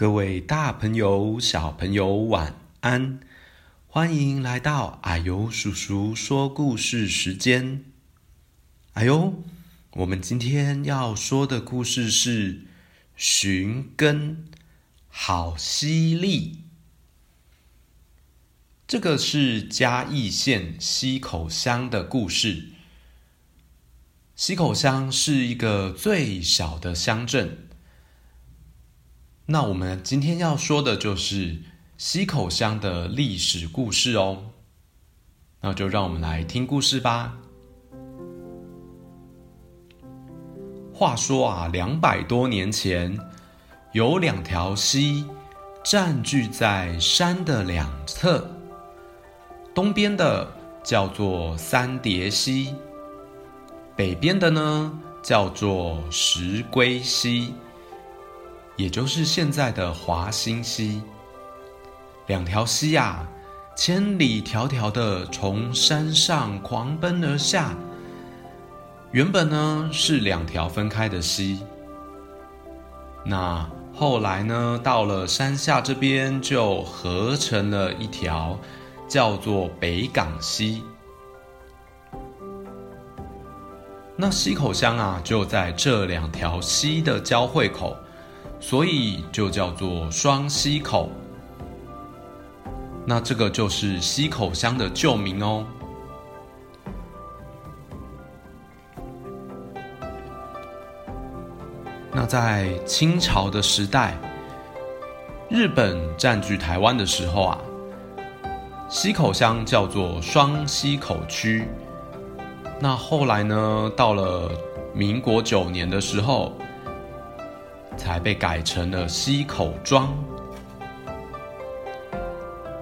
各位大朋友、小朋友，晚安！歡迎來到啊呦叔叔說故事時間。啊呦，我們今天要說的故事是《尋根好溪歷》，這個是嘉義縣溪口鄉的故事。溪口鄉是一個最小的鄉鎮。那我們今天要說的就是溪口鄉的歷史故事哦。那就讓我們來聽故事吧。話說啊，兩百多年前，有兩條溪占據在山的兩側，東邊的叫做三疊溪，北邊的呢叫做石龜溪。也就是現在的華興溪，兩條溪啊，千里迢迢的從山上狂奔而下。原本呢是兩條分開的溪，那後來呢到了山下這邊就合成了一條，叫做北港溪。那溪口鄉啊就在這兩條溪的交匯口。所以就叫做雙溪口，那這個就是溪口鄉的舊名哦。那在清朝的時代，日本占據台灣的時候啊，溪口鄉叫做雙溪口區。那後來呢，到了民國九年的時候。才被改成了溪口莊，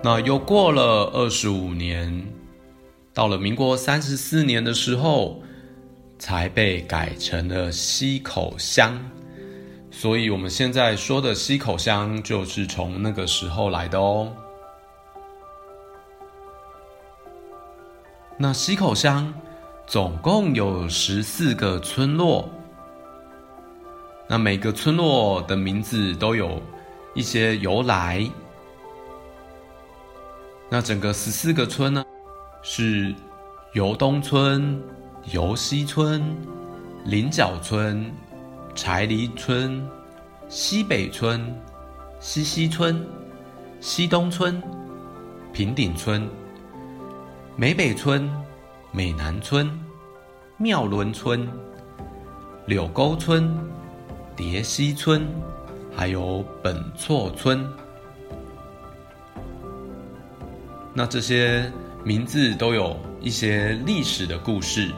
那又過了二十五年，到了民國三十四年的時候，才被改成了溪口鄉。所以，我們現在說的溪口鄉就是從那個時候來的哦。那溪口鄉總共有十四個村落。那每個村落的名字都有一些由來。那整個十四個村呢，是游東村、游西村、林腳村、柴林村、西北村、西溪村、西東村、平頂村、美北村、美南村、妙崙村、柳溝村。疊溪村，還有本厝村。那這些名字都有一些歷史的故事，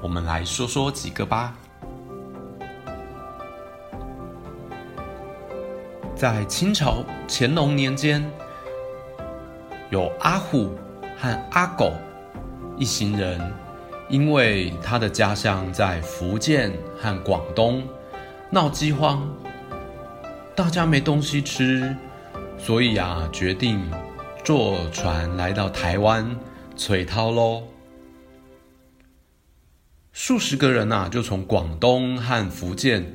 我們來說說幾個吧。在清朝乾隆年間，有阿虎和阿狗一行人，因為他的家鄉在福建和廣東鬧饑荒，大家沒東西吃，所以啊，決定坐船來到台灣，崔濤咯。數十個人吶、啊，就從廣東和福建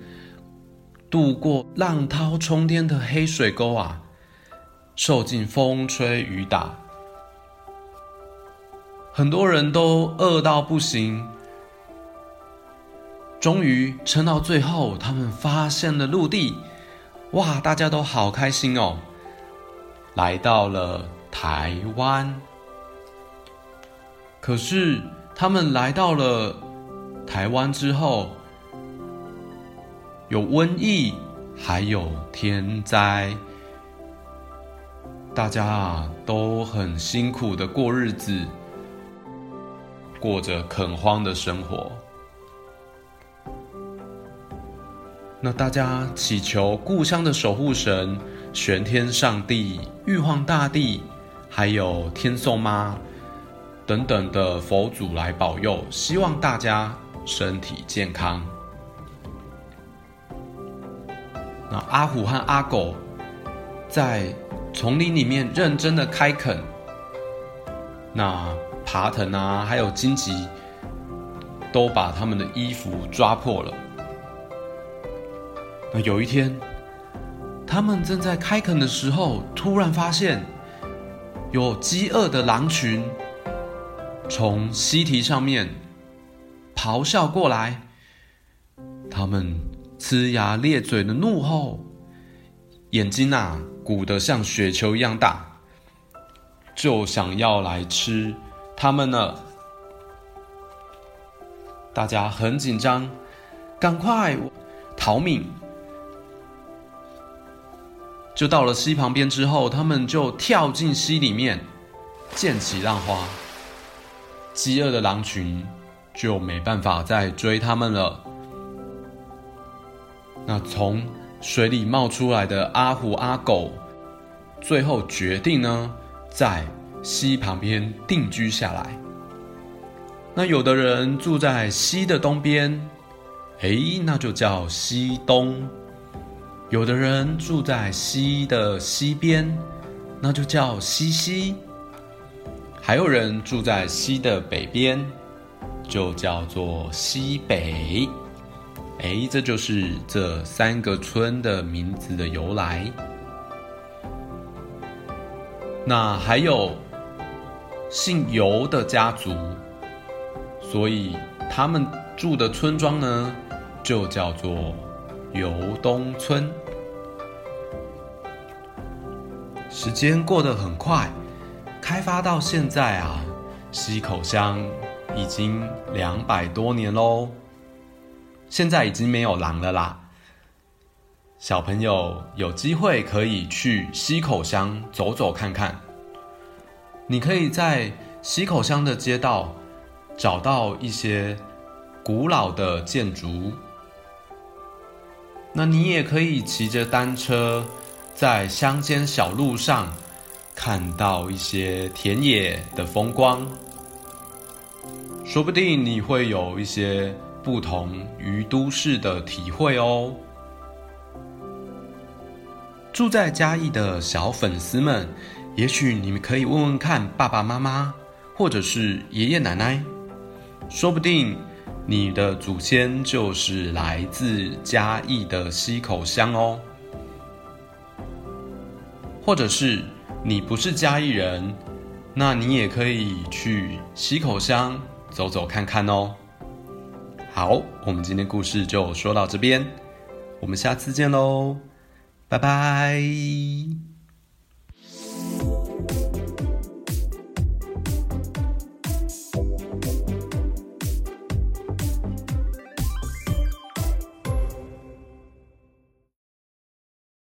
渡過浪濤沖天的黑水溝啊，受盡風吹雨打，很多人都餓到不行。終於撐到最後，他們發現了陸地，哇！大家都好開心哦。來到了台灣，可是他們來到了台灣之後，有瘟疫，還有天災，大家啊都很辛苦的過日子，過着墾荒的生活。那大家祈求故鄉的守護神、玄天上帝、玉皇大帝，還有天送媽等等的佛祖來保佑，希望大家身體健康。那阿虎和阿狗在叢林裡面認真的開墾，那爬藤啊，還有荊棘，都把他們的衣服抓破了。那有一天，他們正在開墾的時候，突然發現有飢餓的狼群從溪堤上面咆哮過來。他們齜牙咧嘴的怒吼，眼睛吶、啊、鼓得像雪球一樣大，就想要來吃他們了。大家很緊張，趕快逃命！就到了溪旁邊之後，他們就跳進溪裡面，濺起浪花。饑餓的狼群就沒辦法再追他們了。那從水裡冒出來的阿虎阿狗，最後決定呢，在溪旁邊定居下來。那有的人住在溪的東邊，誒、欸，那就叫溪東。有的人住在溪的西邊，那就叫溪西；還有人住在溪的北邊，就叫做溪北。哎，這就是這三個村的名字的由來。那還有姓游的家族，所以他們住的村莊呢，就叫做。游東村，時間過得很快，開發到現在啊，溪口鄉已經兩百多年嘍。現在已經沒有狼了啦。小朋友有機會可以去溪口鄉走走看看，你可以在溪口鄉的街道找到一些古老的建築。那你也可以騎着單車，在鄉間小路上，看到一些田野的風光，說不定你會有一些不同於都市的體會哦。住在嘉義的小粉絲們，也許你們可以問問看爸爸媽媽，或者是爺爺奶奶，說不定，你的祖先就是來自嘉義的溪口鄉哦，或者是你不是嘉義人，那你也可以去溪口鄉走走看看哦。好，我們今天故事就說到這邊，我們下次見嘍，拜拜。